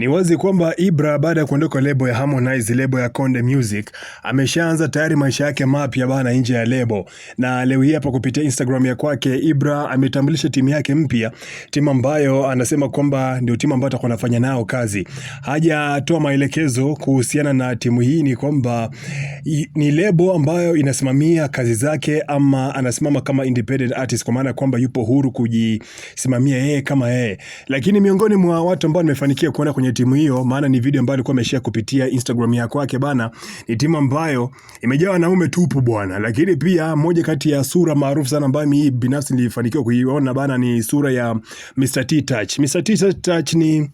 Ni wazi kwamba Ibra baada ya kuondoka lebo ya Harmonize, lebo ya Konde Music, ameshaanza tayari maisha yake mapya bana nje ya lebo. Na leo hii hapa kupitia Instagram ya kwake Ibra ametambulisha timu yake mpya, timu ambayo anasema kwamba ndio timu ambayo atakuwa anafanya nao kazi. Hajatoa maelekezo kuhusiana na timu hii, ni kwamba ni lebo ambayo inasimamia kazi zake ama anasimama kama independent artist, kwa maana kwamba yupo huru kujisimamia yeye kama yeye. Lakini miongoni mwa watu ambao nimefanikiwa kuona kwenye kwenye timu hiyo, maana ni video ambayo alikuwa ameshare kupitia Instagram yake bana. Ni timu ambayo imejaa wanaume tupu bwana, lakini pia moja kati ya sura maarufu sana ambayo mimi binafsi nilifanikiwa kuiona bana ni sura ya Mr. T Touch. Mr. T Touch ni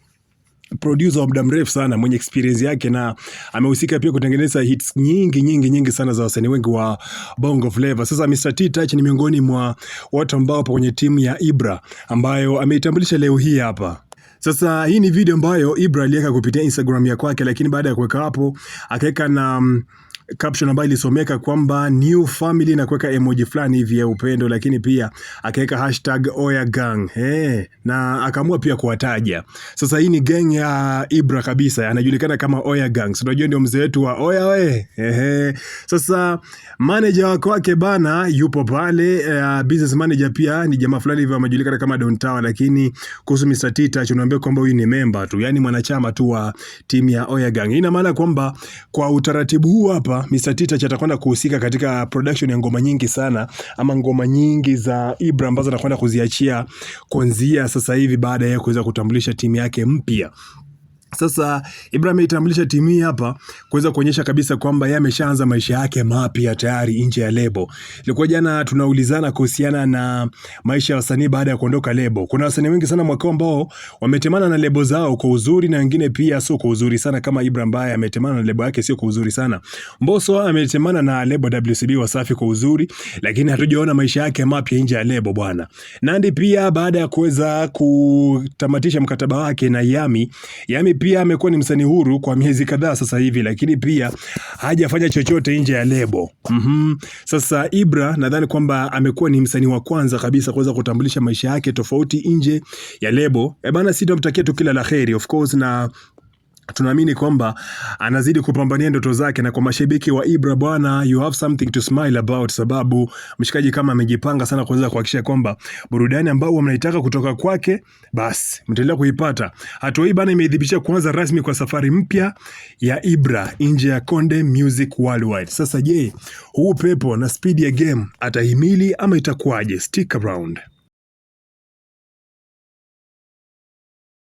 producer wa muda mrefu sana mwenye experience yake na amehusika pia kutengeneza hits nyingi nyingi nyingi sana za wasanii wengi wa Bongo Flava. Sasa Mr. T Touch ni miongoni mwa watu ambao wapo kwenye timu ya Ibra ambayo ameitambulisha leo hii hapa. Sasa hii ni video ambayo Ibra aliweka kupitia Instagram ya kwake, lakini baada ya kuweka hapo akaweka na mm, caption ambayo ilisomeka kwamba new family na kuweka emoji fulani hivi ya upendo, lakini pia akaweka hashtag Oya Gang hey, eh, na akaamua pia kuwataja. Sasa hii ni gang ya Ibra kabisa, anajulikana kama Oya Gang, So unajua ndio mzee wetu wa Oya we hey, hey. Sasa manager wako wake bana yupo pale uh, business manager pia ni jamaa fulani hivi amejulikana kama Don Tower, lakini kuhusu Mr Tita tunaambia kwamba huyu ni member tu, yani mwanachama tu wa timu ya Oya Gang. Ina maana kwamba kwa utaratibu huu hapa hapa Mr. Tita atakwenda kuhusika katika production ya ngoma nyingi sana ama ngoma nyingi za Ibra ambazo anakwenda kuziachia kuanzia sasa hivi baada ya kuweza kutambulisha timu yake mpya. Sasa Ibrahim aitambulisha timu hii hapa kuweza kuonyesha kabisa kwamba yeye ameshaanza maisha yake mapya tayari nje ya lebo. Ilikuwa jana tunaulizana kuhusiana na maisha ya wasanii baada ya kuondoka lebo. Kuna wasanii wengi sana mwaka ambao wametemana na lebo zao kwa uzuri na wengine pia sio kwa uzuri sana kama Ibra ambaye ametemana na lebo yake sio kwa uzuri sana. Mbosso ametemana na lebo WCB Wasafi kwa uzuri, lakini hatujaona maisha yake mapya nje ya lebo bwana. Nandi pia baada ya kuweza kutamatisha mkataba wake na Yami, Yami pia amekuwa ni msanii huru kwa miezi kadhaa sasa hivi, lakini pia hajafanya chochote nje ya lebo. mm -hmm. Sasa Ibra nadhani kwamba amekuwa ni msanii wa kwanza kabisa kuweza kutambulisha maisha yake tofauti nje ya lebo. Eh bana, sitamtakia tu kila la heri of course na tunaamini kwamba anazidi kupambania ndoto zake, na kwa mashabiki wa Ibra bwana, you have something to smile about, sababu mshikaji kama amejipanga sana kuweza kuhakikisha kwamba burudani ambao mnaitaka kutoka kwake, basi mtaendelea kuipata. Hatua hii bana imethibitisha kuanza rasmi kwa safari mpya ya Ibra nje ya Konde Music Worldwide. Sasa je, huu pepo na spidi ya game atahimili ama itakuwaje? Stick around.